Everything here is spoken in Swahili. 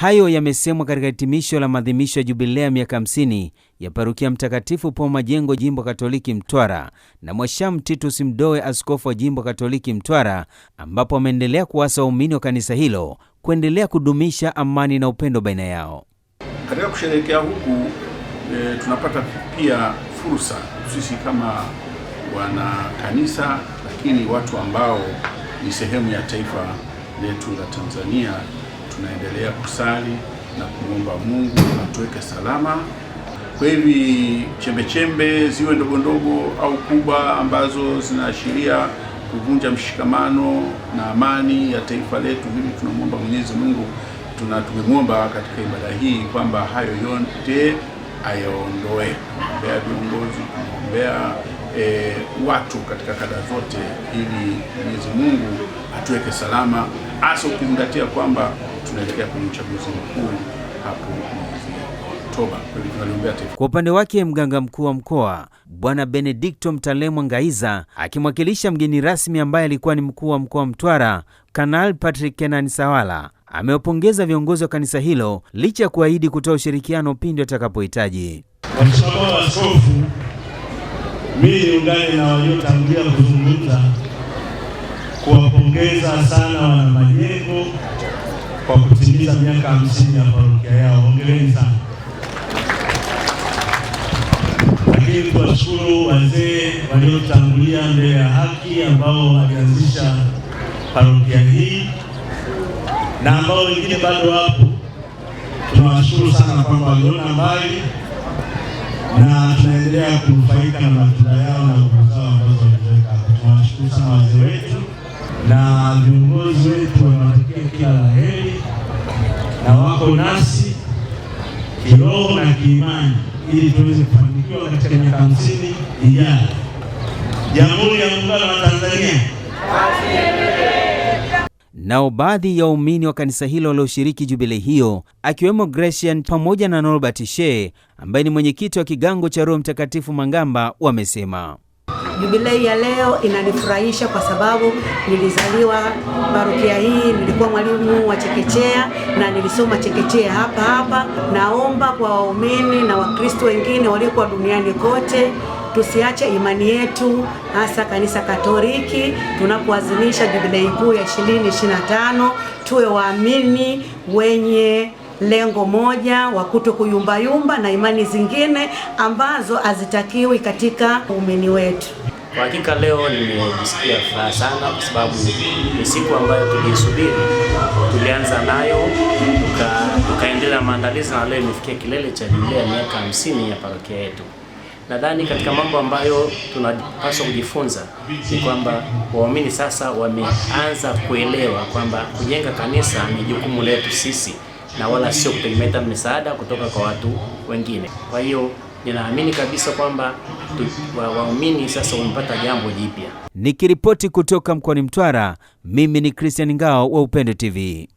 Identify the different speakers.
Speaker 1: Hayo yamesemwa katika hitimisho la maadhimisho ya jubilea ya miaka 50 ya Parokia Mtakatifu po Majengo, Jimbo Katoliki Mtwara, na Mwashamu Titus Mdoe, askofu wa Jimbo Katoliki Mtwara, ambapo ameendelea kuwasa waumini wa kanisa hilo kuendelea kudumisha amani na upendo baina yao.
Speaker 2: Katika kusherehekea huku e, tunapata pia fursa sisi kama wana kanisa, lakini watu ambao ni sehemu ya taifa letu la Tanzania tunaendelea kusali na kumwomba Mungu atuweke salama. Kwa hivi chembechembe ziwe ndogo ndogo au kubwa, ambazo zinaashiria kuvunja mshikamano na amani ya taifa letu hili, tunamwomba Mwenyezi Mungu, tuna katika ibada hii kwamba hayo yote ayaondoe, kuombea viongozi, kuombea e, watu katika kada zote, ili Mwenyezi Mungu atuweke salama, hasa ukizingatia kwamba tunaelekea kwenye uchaguzi mkuu hapo Oktoba.
Speaker 1: Kwa upande wake mganga mkuu wa mkoa Bwana Benedikto Mtalemwa Ngaiza akimwakilisha mgeni rasmi ambaye alikuwa ni mkuu wa mkoa Mtwara Kanal Patrick Kenan Sawala amewapongeza viongozi wa kanisa hilo licha ya kuahidi kutoa ushirikiano pindi watakapohitaji.
Speaker 2: Mshamaa wa askofu, mimi niungane na waliotangulia kuzungumza kuwapongeza sana wana majengo kwa kutimiza miaka hamsini ya parokia yao. Hongereni sana. Lakini tuwashukuru wazee waliotangulia mbele ya haki ambao walianzisha parokia hii na ambao wengine bado wapo. Tunawashukuru sana kwamba waliona mbali na tunaendelea kunufaika na matunda yao na nguvu zao ambazo waliweka. Tunawashukuru sana wazee wetu na viongozi wetu wa wako nasi kiroho na kiimani ili tuweze kufanikiwa katika miaka hamsini ijayo. Jamhuri ya Muungano wa Tanzania.
Speaker 1: Nao baadhi ya waumini wa kanisa hilo walioshiriki jubilei hiyo akiwemo Gracian pamoja na Norbert Shee ambaye ni mwenyekiti wa kigango cha Roho Mtakatifu Mangamba wamesema
Speaker 3: Jubilei ya leo inanifurahisha kwa sababu nilizaliwa parokia hii, nilikuwa mwalimu wa chekechea na nilisoma chekechea hapa hapa. Naomba kwa waumini na Wakristo wengine waliokuwa duniani kote tusiache imani yetu, hasa kanisa Katoliki tunapoadhimisha jubilei kuu ya 2025 tuwe waamini wenye lengo moja wa kuto kuyumbayumba na imani zingine ambazo hazitakiwi katika umini wetu.
Speaker 4: Kwa hakika leo nimejisikia furaha sana, kwa sababu ni siku ambayo tuliisubiri, tulianza nayo tukaendelea tuka maandalizi, na leo imefikia kilele cha jubilei ya miaka hamsini ya parokia yetu. Nadhani katika mambo ambayo tunapaswa kujifunza ni kwamba waumini sasa wameanza kuelewa kwamba kujenga kanisa ni jukumu letu sisi na wala sio kutegemea msaada kutoka kwa watu wengine. Kwa hiyo ninaamini kabisa kwamba waumini sasa wamepata jambo jipya.
Speaker 1: Nikiripoti kutoka mkoani Mtwara, mimi ni Christian Ngao wa Upendo TV.